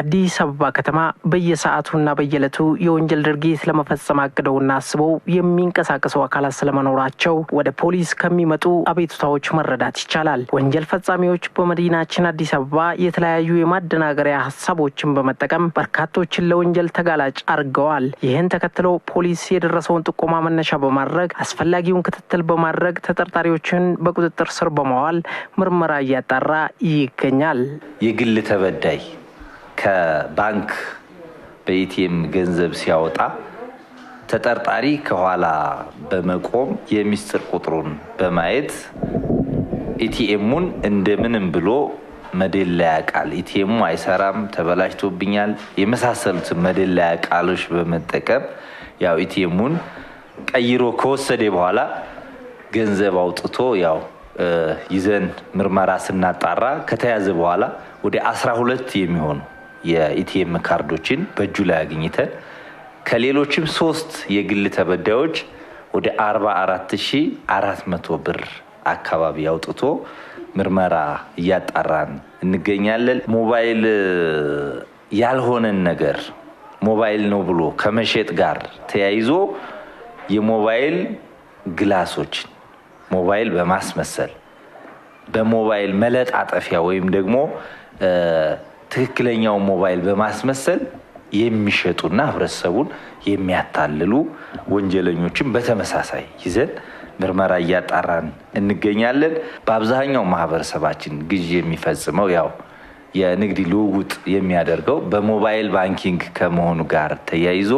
በአዲስ አበባ ከተማ በየሰዓቱና በየዕለቱ የወንጀል ድርጊት ለመፈጸም አቅደውና አስበው የሚንቀሳቀሰው አካላት ስለመኖራቸው ወደ ፖሊስ ከሚመጡ አቤቱታዎች መረዳት ይቻላል። ወንጀል ፈጻሚዎች በመዲናችን አዲስ አበባ የተለያዩ የማደናገሪያ ሀሳቦችን በመጠቀም በርካቶችን ለወንጀል ተጋላጭ አድርገዋል። ይህን ተከትሎ ፖሊስ የደረሰውን ጥቆማ መነሻ በማድረግ አስፈላጊውን ክትትል በማድረግ ተጠርጣሪዎችን በቁጥጥር ስር በማዋል ምርመራ እያጣራ ይገኛል። የግል ተበዳይ ከባንክ በኢቲኤም ገንዘብ ሲያወጣ ተጠርጣሪ ከኋላ በመቆም የሚስጥር ቁጥሩን በማየት ኢቲኤሙን እንደምንም ብሎ መደለያ ቃል ኢቲኤሙ አይሰራም፣ ተበላሽቶብኛል የመሳሰሉትን መደለያ ቃሎች በመጠቀም ያው ኢቲኤሙን ቀይሮ ከወሰደ በኋላ ገንዘብ አውጥቶ ያው ይዘን ምርመራ ስናጣራ ከተያዘ በኋላ ወደ አስራ ሁለት የሚሆኑ የኢቲኤም ካርዶችን በእጁ ላይ አግኝተን ከሌሎችም ሶስት የግል ተበዳዮች ወደ 44400 ብር አካባቢ አውጥቶ ምርመራ እያጣራን እንገኛለን። ሞባይል ያልሆነን ነገር ሞባይል ነው ብሎ ከመሸጥ ጋር ተያይዞ የሞባይል ግላሶችን ሞባይል በማስመሰል በሞባይል መለጣጠፊያ ወይም ደግሞ ትክክለኛውን ሞባይል በማስመሰል የሚሸጡና ህብረተሰቡን የሚያታልሉ ወንጀለኞችን በተመሳሳይ ይዘን ምርመራ እያጣራን እንገኛለን። በአብዛኛው ማህበረሰባችን ግዢ የሚፈጽመው ያው የንግድ ልውውጥ የሚያደርገው በሞባይል ባንኪንግ ከመሆኑ ጋር ተያይዞ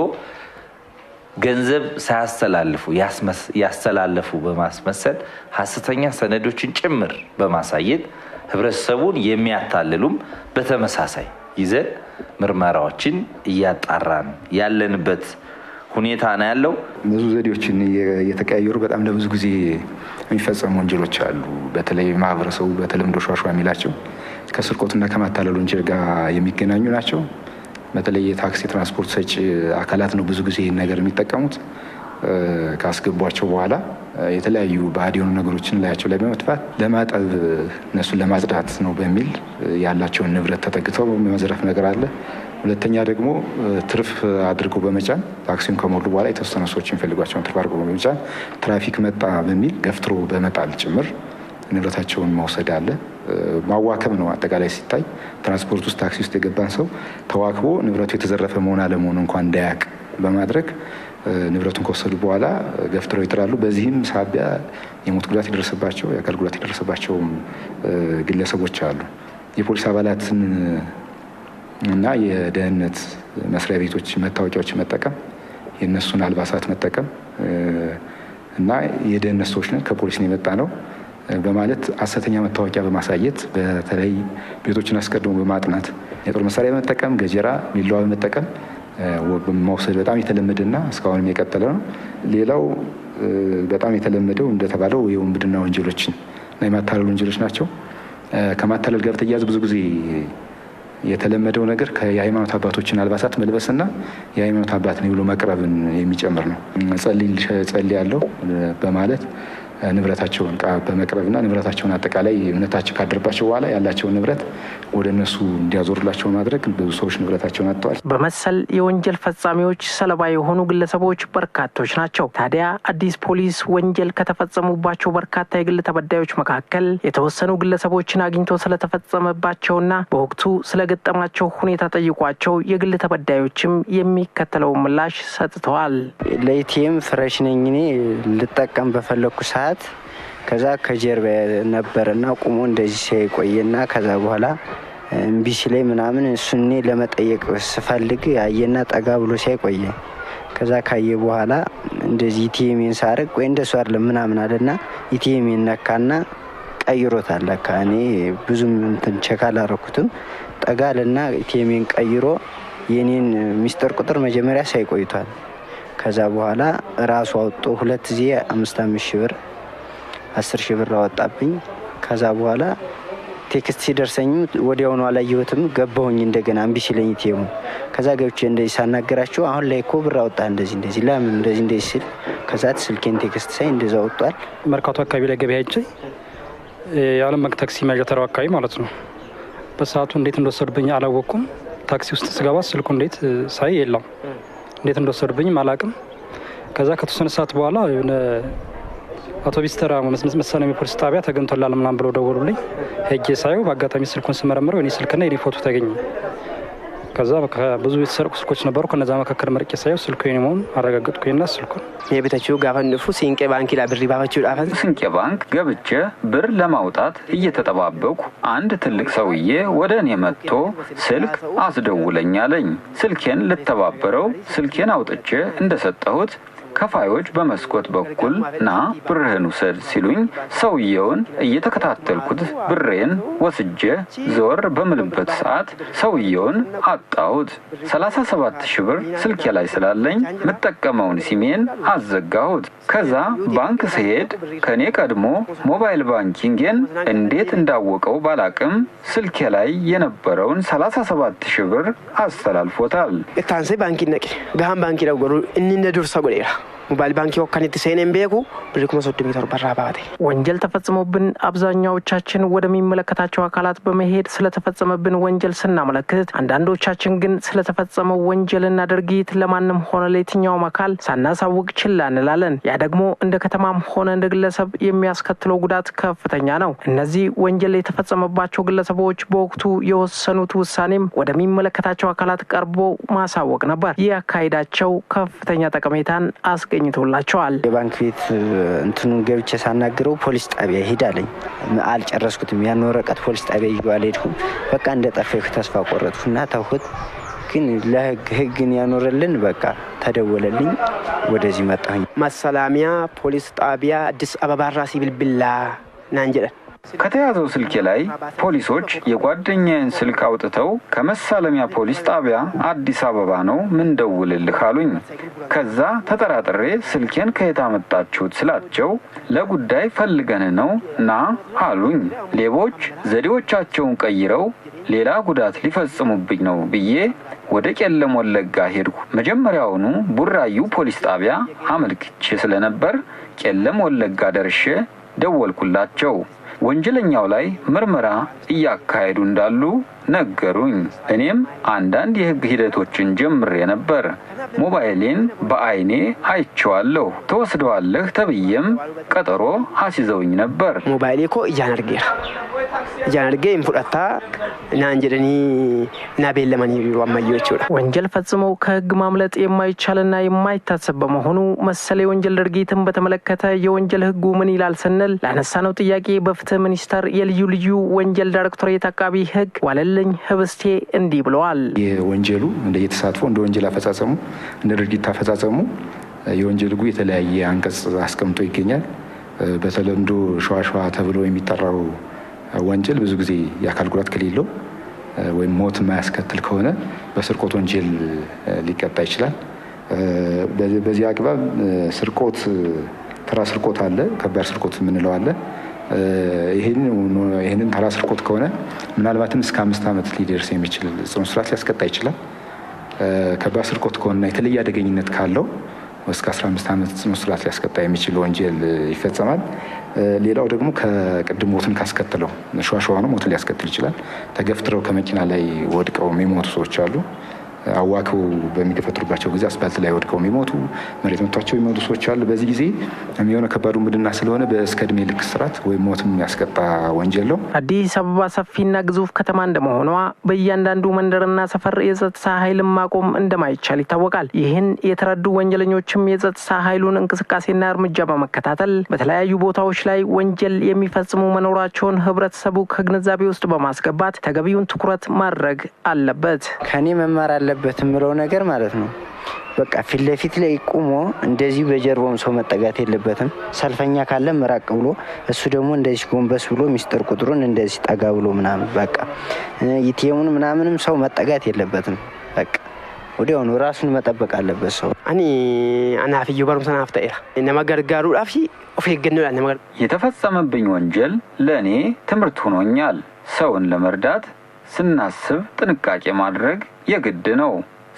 ገንዘብ ሳያስተላልፉ ያስተላለፉ በማስመሰል ሀሰተኛ ሰነዶችን ጭምር በማሳየት ህብረተሰቡን የሚያታልሉም በተመሳሳይ ይዘን ምርመራዎችን እያጣራን ያለንበት ሁኔታ ነው ያለው። ብዙ ዘዴዎችን እየተቀያየሩ በጣም ለብዙ ጊዜ የሚፈጸሙ ወንጀሎች አሉ። በተለይ ማህበረሰቡ በተለምዶ ሸሸ የሚላቸው ከስርቆትና ከማታለል ወንጀል ጋር የሚገናኙ ናቸው። በተለይ የታክሲ ትራንስፖርት ሰጪ አካላት ነው ብዙ ጊዜ ይህን ነገር የሚጠቀሙት ካስገቧቸው በኋላ የተለያዩ ባህድ የሆኑ ነገሮችን ላያቸው ላይ በመጥፋት ለማጠብ እነሱን ለማጽዳት ነው በሚል ያላቸውን ንብረት ተጠግተው መዝረፍ ነገር አለ። ሁለተኛ ደግሞ ትርፍ አድርጎ በመጫን ታክሲውን ከሞሉ በኋላ የተወሰነ ሰዎች የሚፈልጓቸውን ትርፍ አድርጎ በመጫን ትራፊክ መጣ በሚል ገፍትሮ በመጣል ጭምር ንብረታቸውን መውሰድ አለ። ማዋከብ ነው። አጠቃላይ ሲታይ ትራንስፖርት ውስጥ ታክሲ ውስጥ የገባን ሰው ተዋክቦ ንብረቱ የተዘረፈ መሆን አለመሆኑ እንኳን እንዳያቅ በማድረግ ንብረቱን ከወሰዱ በኋላ ገፍትረው ይጥላሉ። በዚህም ሳቢያ የሞት ጉዳት የደረሰባቸው የአካል ጉዳት የደረሰባቸውም ግለሰቦች አሉ። የፖሊስ አባላትን እና የደህንነት መስሪያ ቤቶች መታወቂያዎች መጠቀም፣ የእነሱን አልባሳት መጠቀም እና የደህንነት ሰዎች ነን ከፖሊስ ነው የመጣ ነው በማለት ሐሰተኛ መታወቂያ በማሳየት በተለይ ቤቶችን አስቀድሞ በማጥናት የጦር መሳሪያ በመጠቀም ገጀራ፣ ቢላዋ በመጠቀም መውሰድ በጣም የተለመደና እስካሁንም የቀጠለ ነው። ሌላው በጣም የተለመደው እንደተባለው የውንብድና ወንጀሎችን እና የማታለል ወንጀሎች ናቸው። ከማታለል ጋር በተያያዘ ብዙ ጊዜ የተለመደው ነገር የሃይማኖት አባቶችን አልባሳት መልበስና የሃይማኖት አባት ነው ብሎ መቅረብን የሚጨምር ነው። ጸልይ ያለው በማለት ንብረታቸውን በመቅረብና ንብረታቸውን አጠቃላይ እምነታቸው ካደረባቸው በኋላ ያላቸውን ንብረት ወደ እነሱ እንዲያዞርላቸው ማድረግ ብዙ ሰዎች ንብረታቸውን አጥተዋል። በመሰል የወንጀል ፈጻሚዎች ሰለባ የሆኑ ግለሰቦች በርካቶች ናቸው። ታዲያ አዲስ ፖሊስ ወንጀል ከተፈጸሙባቸው በርካታ የግል ተበዳዮች መካከል የተወሰኑ ግለሰቦችን አግኝቶ ስለተፈጸመባቸውና በወቅቱ ስለገጠማቸው ሁኔታ ጠይቋቸው የግል ተበዳዮችም የሚከተለውን ምላሽ ሰጥተዋል። ለኢቲኤም ፍረሽ ነኝ እኔ ልጠቀም በፈለግኩ ሰዓት ሰዓት ከዛ ከጀርባ ነበርና ቁሞ እንደዚህ ሲያይቆየና ከዛ በኋላ እምቢ ላይ ምናምን እሱኔ ለመጠየቅ ስፈልግ አየና ጠጋ ብሎ ሲያይቆየ ከዛ ካየ በኋላ እንደዚህ ኢቲኤሜን ሳርቅ ወይ እንደሱ አለ ምናምን አለና ኢቲኤሜን ነካና ቀይሮታል። ለካ እኔ ብዙም እንትን ቸክ አላረኩትም። ጠጋልና ኢቲኤሜን ቀይሮ የኔን ሚስጥር ቁጥር መጀመሪያ ሳይቆይቷል። ከዛ በኋላ ራሱ አውጦ ሁለት ዜ አምስት አምስት ሺህ ብር አስር ሺህ ብር አወጣብኝ። ከዛ በኋላ ቴክስት ሲደርሰኝም ወዲያውኑ አላየሁትም። ገባሁኝ እንደገና እምቢ ሲለኝ ቴሙ ከዛ ገብቼ እንደዚህ ሳናገራቸው አሁን ላይ እኮ ብር አወጣ እንደዚህ እንደዚህ ለምን እንደዚህ እንደዚህ ሲል ከዛ ስልኬን ቴክስት ሳይ እንደዛ ወጧል። መርካቶ አካባቢ ላይ ገበያ ሄጄ የአለም መቅ ታክሲ መያዣተራው አካባቢ ማለት ነው። በሰዓቱ እንዴት እንደወሰዱብኝ አላወቅኩም። ታክሲ ውስጥ ስገባ ስልኩ እንዴት ሳይ የለም። እንዴት እንደወሰዱብኝም አላቅም። ከዛ ከተወሰነ ሰዓት በኋላ አውቶቢስ ተራ መሰለም የፖሊስ ጣቢያ ተገኝቶላል ምናምን ብለው ደወሉልኝ። ሄጄ ሳየው በአጋጣሚ ስልኩን ስመረምረው የኔ ስልክና የኔ ፎቶ ተገኘ። ከዛ ብዙ የተሰርቁ ስልኮች ነበሩ። ከነዛ መካከል መርቄ ሳየው ስልኩ የኔ መሆኑን አረጋገጥኩኝና ስልኩን የቤታችሁ ጋፈንፉ ሲንቄ ባንክ ላብሪ ባባችሁ ዳፈን ሲንቄ ባንክ ገብቼ ብር ለማውጣት እየተጠባበቁ አንድ ትልቅ ሰውዬ ወደ እኔ መጥቶ ስልክ አስደውለኝ አለኝ። ስልኬን ልተባበረው ስልኬን አውጥቼ እንደሰጠሁት ከፋዮች በመስኮት በኩል ና ብርህን ውሰድ ሲሉኝ ሰውየውን እየተከታተልኩት ብሬን ወስጄ ዞር በምልበት ሰዓት ሰውየውን አጣሁት። 37 ሺህ ብር ስልኬ ላይ ስላለኝ የምጠቀመውን ሲሜን አዘጋሁት። ከዛ ባንክ ስሄድ ከእኔ ቀድሞ ሞባይል ባንኪንግን እንዴት እንዳወቀው ባላቅም ስልኬ ላይ የነበረውን 37 ሺህ ብር አስተላልፎታል። ታንሴ ባንኪ ነቄ ገሃን ባንኪ ዳጎሩ እኒነ ዱርሳ time. ሞባይል ባንኪ ወካን የተሰኔን ቤኩ ብር ኩመ ሚተር በራ ባቴ ወንጀል ተፈጽሞብን አብዛኛዎቻችን ወደሚመለከታቸው አካላት በመሄድ ስለተፈጸመብን ወንጀል ስናመለክት፣ አንዳንዶቻችን ግን ስለተፈጸመው ወንጀልና ድርጊት ለማንም ሆነ ለየትኛውም አካል ሳናሳውቅ ችላ እንላለን። ያ ደግሞ እንደ ከተማም ሆነ እንደ ግለሰብ የሚያስከትለው ጉዳት ከፍተኛ ነው። እነዚህ ወንጀል የተፈጸመባቸው ግለሰቦች በወቅቱ የወሰኑት ውሳኔም ወደሚመለከታቸው አካላት ቀርቦ ማሳወቅ ነበር። ይህ አካሄዳቸው ከፍተኛ ጠቀሜታን አስገኝ ተገኝቶላቸዋል። የባንክ ቤት እንትኑን ገብቼ ሳናግረው ፖሊስ ጣቢያ ይሄዳለኝ አልጨረስኩትም። ያን ወረቀት ፖሊስ ጣቢያ ይዤ አልሄድኩም። በቃ እንደ ጠፋሁ ተስፋ ቆረጥኩ እና ተውኩት። ግን ለህግ ህግን ያኖረልን በቃ ተደወለልኝ፣ ወደዚህ መጣሁኝ። ማሰላሚያ ፖሊስ ጣቢያ አዲስ አበባ ራሲ ብልብላ ናንጀለን ከተያዘው ስልኬ ላይ ፖሊሶች የጓደኛዬን ስልክ አውጥተው ከመሳለሚያ ፖሊስ ጣቢያ አዲስ አበባ ነው ምን ደውልልህ አሉኝ። ከዛ ተጠራጥሬ ስልኬን ከየት አመጣችሁት ስላቸው ለጉዳይ ፈልገን ነው ና አሉኝ። ሌቦች ዘዴዎቻቸውን ቀይረው ሌላ ጉዳት ሊፈጽሙብኝ ነው ብዬ ወደ ቄለም ወለጋ ሄድኩ። መጀመሪያውኑ ቡራዩ ፖሊስ ጣቢያ አመልክቼ ስለነበር ቄለም ወለጋ ደርሼ ደወልኩላቸው። ወንጀለኛው ላይ ምርመራ እያካሄዱ እንዳሉ ነገሩኝ። እኔም አንዳንድ የህግ ሂደቶችን ጀምሬ ነበር። ሞባይሌን በአይኔ አይቼዋለሁ። ተወስደዋለህ ተብዬም ቀጠሮ አስይዘውኝ ነበር። ሞባይሌ ኮ እያን እያነርጌ እያን ናንጀደኒ ናቤለመን ቢሮ አማየው ወንጀል ፈጽመው ከህግ ማምለጥ የማይቻልና የማይታሰብ በመሆኑ መሰለ የወንጀል ድርጊትን በተመለከተ የወንጀል ህጉ ምን ይላል ስንል ላነሳነው ጥያቄ በፍትህ ሚኒስቴር የልዩ ልዩ ወንጀል ዳይሬክቶሬት አቃቢ ህግ ዋለልኝ ህብስቴ እንዲህ ብለዋል። ይህ ወንጀሉ እንደየተሳትፎ እንደ ወንጀል አፈጻጸሙ እንደ ድርጊት አፈጻጸሙ የወንጀል ጉ የተለያየ አንቀጽ አስቀምጦ ይገኛል። በተለምዶ ሸዋሸዋ ተብሎ የሚጠራው ወንጀል ብዙ ጊዜ የአካል ጉዳት ከሌለው ወይም ሞት የማያስከትል ከሆነ በስርቆት ወንጀል ሊቀጣ ይችላል። በዚህ አግባብ ስርቆት፣ ተራ ስርቆት አለ፣ ከባድ ስርቆት የምንለው አለ። ይህንን ተራ ስርቆት ከሆነ ምናልባትም እስከ አምስት ዓመት ሊደርስ የሚችል ጽኑ እስራት ሊያስቀጣ ይችላል። ከባድ ስርቆት ከሆነና የተለየ አደገኝነት ካለው እስከ 15 ዓመት ጽኑ እስራት ሊያስቀጣ የሚችል ወንጀል ይፈጸማል። ሌላው ደግሞ ከቅድም ሞትን ካስከትለው ሸዋሸዋ ነው፣ ሞትን ሊያስከትል ይችላል። ተገፍትረው ከመኪና ላይ ወድቀው የሚሞቱ ሰዎች አሉ። አዋከው በሚደፈጥሩባቸው ጊዜ አስፓልት ላይ ወድቀው የሚሞቱ መሬት መቷቸው የሚሞቱ ሰዎች አሉ። በዚህ ጊዜ የሚሆነ ከባዱ ምድና ስለሆነ በእስከ እድሜ ልክ እስራት ወይም ሞት የሚያስገባ ወንጀል ነው። አዲስ አበባ ሰፊና ግዙፍ ከተማ እንደመሆኗ በእያንዳንዱ መንደርና ሰፈር የጸጥታ ኃይልን ማቆም እንደማይቻል ይታወቃል። ይህን የተረዱ ወንጀለኞችም የጸጥታ ኃይሉን እንቅስቃሴና እርምጃ በመከታተል በተለያዩ ቦታዎች ላይ ወንጀል የሚፈጽሙ መኖራቸውን ህብረተሰቡ ከግንዛቤ ውስጥ በማስገባት ተገቢውን ትኩረት ማድረግ አለበት። ከኔ መማር አለ አለበት የምለው ነገር ማለት ነው። በቃ ፊት ለፊት ላይ ቁሞ እንደዚህ በጀርባውም ሰው መጠጋት የለበትም። ሰልፈኛ ካለ ምራቅ ብሎ እሱ ደግሞ እንደዚህ ጎንበስ ብሎ ሚስጥር ቁጥሩን እንደዚህ ጠጋ ብሎ ምናምን በቃ ኢቲኤሙን ምናምንም ሰው መጠጋት የለበትም። በቃ ወዲያውኑ ራሱን መጠበቅ አለበት ሰው። አኒ አናፍዩ በሩምሰን አፍጠራ ነመገርጋሩ ፊ ኦፍ ገንላል የተፈጸመብኝ ወንጀል ለእኔ ትምህርት ሆኖኛል። ሰውን ለመርዳት ስናስብ ጥንቃቄ ማድረግ የግድ ነው።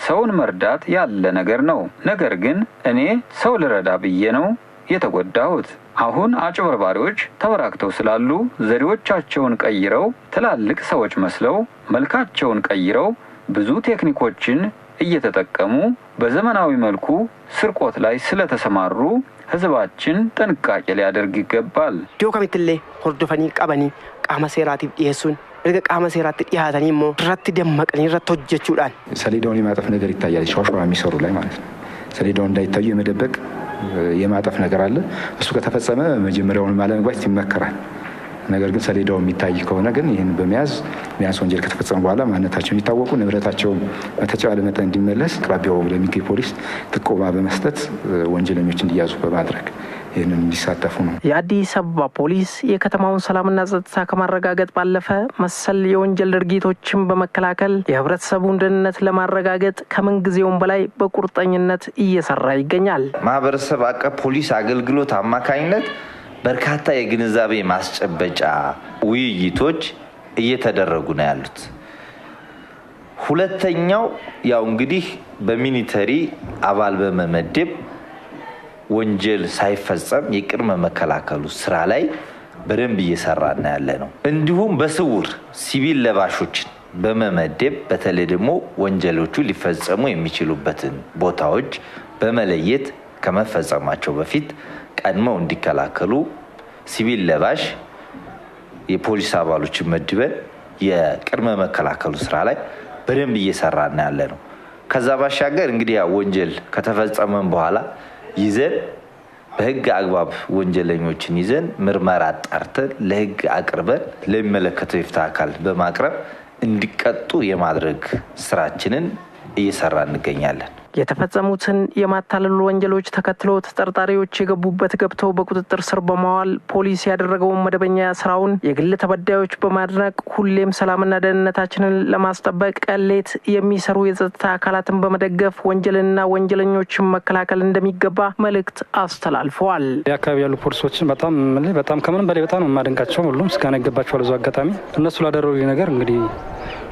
ሰውን መርዳት ያለ ነገር ነው። ነገር ግን እኔ ሰው ልረዳ ብዬ ነው የተጎዳሁት። አሁን አጭበርባሪዎች ተበራክተው ስላሉ ዘዴዎቻቸውን ቀይረው ትላልቅ ሰዎች መስለው መልካቸውን ቀይረው ብዙ ቴክኒኮችን እየተጠቀሙ በዘመናዊ መልኩ ስርቆት ላይ ስለተሰማሩ ሕዝባችን ጥንቃቄ ሊያደርግ ይገባል። ዲዮ ከሚትሌ ሆርዶፈኒ ቀበኒ ቃመ ሴራቲቭ erga qaama seeraatti dhiyaatanii immoo irratti dammaqanii irratti hojjechuudhaan ሰሌዳውን የማጠፍ ነገር ይታያል። ሸዋሸዋ የሚሰሩ ላይ ማለት ነው። ሰሌዳውን እንዳይታዩ የመደበቅ የማጠፍ ነገር አለ። እሱ ከተፈጸመ መጀመሪያውን አለመግባት ይመከራል። ነገር ግን ሰሌዳው የሚታይ ከሆነ ግን ይህን በመያዝ ቢያንስ ወንጀል ከተፈጸመ በኋላ ማንነታቸው እንዲታወቁ ንብረታቸው በተቻለ መጠን እንዲመለስ አቅራቢያው ለሚገኝ ፖሊስ ጥቆማ በመስጠት ወንጀለኞች እንዲያዙ በማድረግ ይህንን እንዲሳተፉ ነው። የአዲስ አበባ ፖሊስ የከተማውን ሰላምና ጸጥታ ከማረጋገጥ ባለፈ መሰል የወንጀል ድርጊቶችን በመከላከል የህብረተሰቡን ደህንነት ለማረጋገጥ ከምንጊዜውም በላይ በቁርጠኝነት እየሰራ ይገኛል። ማህበረሰብ አቀፍ ፖሊስ አገልግሎት አማካኝነት በርካታ የግንዛቤ ማስጨበጫ ውይይቶች እየተደረጉ ነው ያሉት። ሁለተኛው ያው እንግዲህ በሚኒተሪ አባል በመመደብ ወንጀል ሳይፈጸም የቅድመ መከላከሉ ስራ ላይ በደንብ እየሰራና ያለ ነው። እንዲሁም በስውር ሲቪል ለባሾችን በመመደብ በተለይ ደግሞ ወንጀሎቹ ሊፈጸሙ የሚችሉበትን ቦታዎች በመለየት ከመፈጸማቸው በፊት ቀድመው እንዲከላከሉ ሲቪል ለባሽ የፖሊስ አባሎችን መድበን የቅድመ መከላከሉ ስራ ላይ በደንብ እየሰራና ያለ ነው። ከዛ ባሻገር እንግዲህ ወንጀል ከተፈጸመን በኋላ ይዘን በህግ አግባብ ወንጀለኞችን ይዘን ምርመራ አጣርተን ለህግ አቅርበን ለሚመለከተው የፍትህ አካል በማቅረብ እንዲቀጡ የማድረግ ስራችንን እየሰራ እንገኛለን። የተፈጸሙትን የማታለል ወንጀሎች ተከትሎ ተጠርጣሪዎች የገቡበት ገብተው በቁጥጥር ስር በማዋል ፖሊስ ያደረገውን መደበኛ ስራውን የግል ተበዳዮች በማድነቅ ሁሌም ሰላምና ደህንነታችንን ለማስጠበቅ ቀሌት የሚሰሩ የጸጥታ አካላትን በመደገፍ ወንጀልና ወንጀለኞችን መከላከል እንደሚገባ መልእክት አስተላልፈዋል። አካባቢ ያሉ ፖሊሶችን በጣም በጣም ከምንም በላይ በጣም የማደንቃቸው ሁሉም ምስጋና ይገባቸዋል። አጋጣሚ እነሱ ላደረጉ ነገር እንግዲህ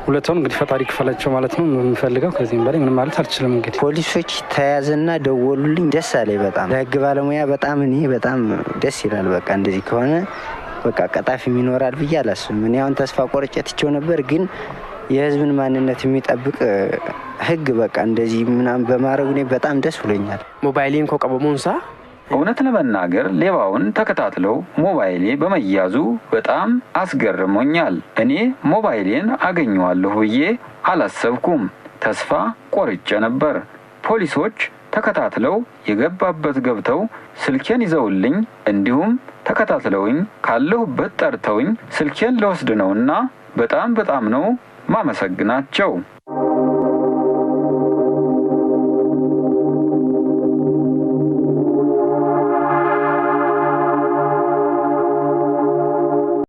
ሁለቱን እንግዲህ ፈጣሪ ክፈላቸው ማለት ነው የምንፈልገው። ከዚህም በላይ ምንም ማለት አልችልም። እንግዲህ ፖሊሶች ተያዘና ደወሉልኝ። ደስ አለኝ በጣም ለህግ ባለሙያ በጣም እኔ በጣም ደስ ይላል። በቃ እንደዚህ ከሆነ በቃ ቀጣፊ የሚኖራል ብዬ አላስብም። እኔ አሁን ተስፋ ቆርጨትቸው ነበር ግን የህዝብን ማንነት የሚጠብቅ ህግ በቃ እንደዚህ ምናምን በማድረጉ እኔ በጣም ደስ ብሎኛል። ሞባይሌን ከቀበሞንሳ እውነት ለመናገር ሌባውን ተከታትለው ሞባይሌ በመያዙ በጣም አስገርሞኛል። እኔ ሞባይሌን አገኘዋለሁ ብዬ አላሰብኩም። ተስፋ ቆርጬ ነበር። ፖሊሶች ተከታትለው የገባበት ገብተው ስልኬን ይዘውልኝ እንዲሁም ተከታትለውኝ ካለሁበት ጠርተውኝ ስልኬን ለወስድ ነውና በጣም በጣም ነው ማመሰግናቸው።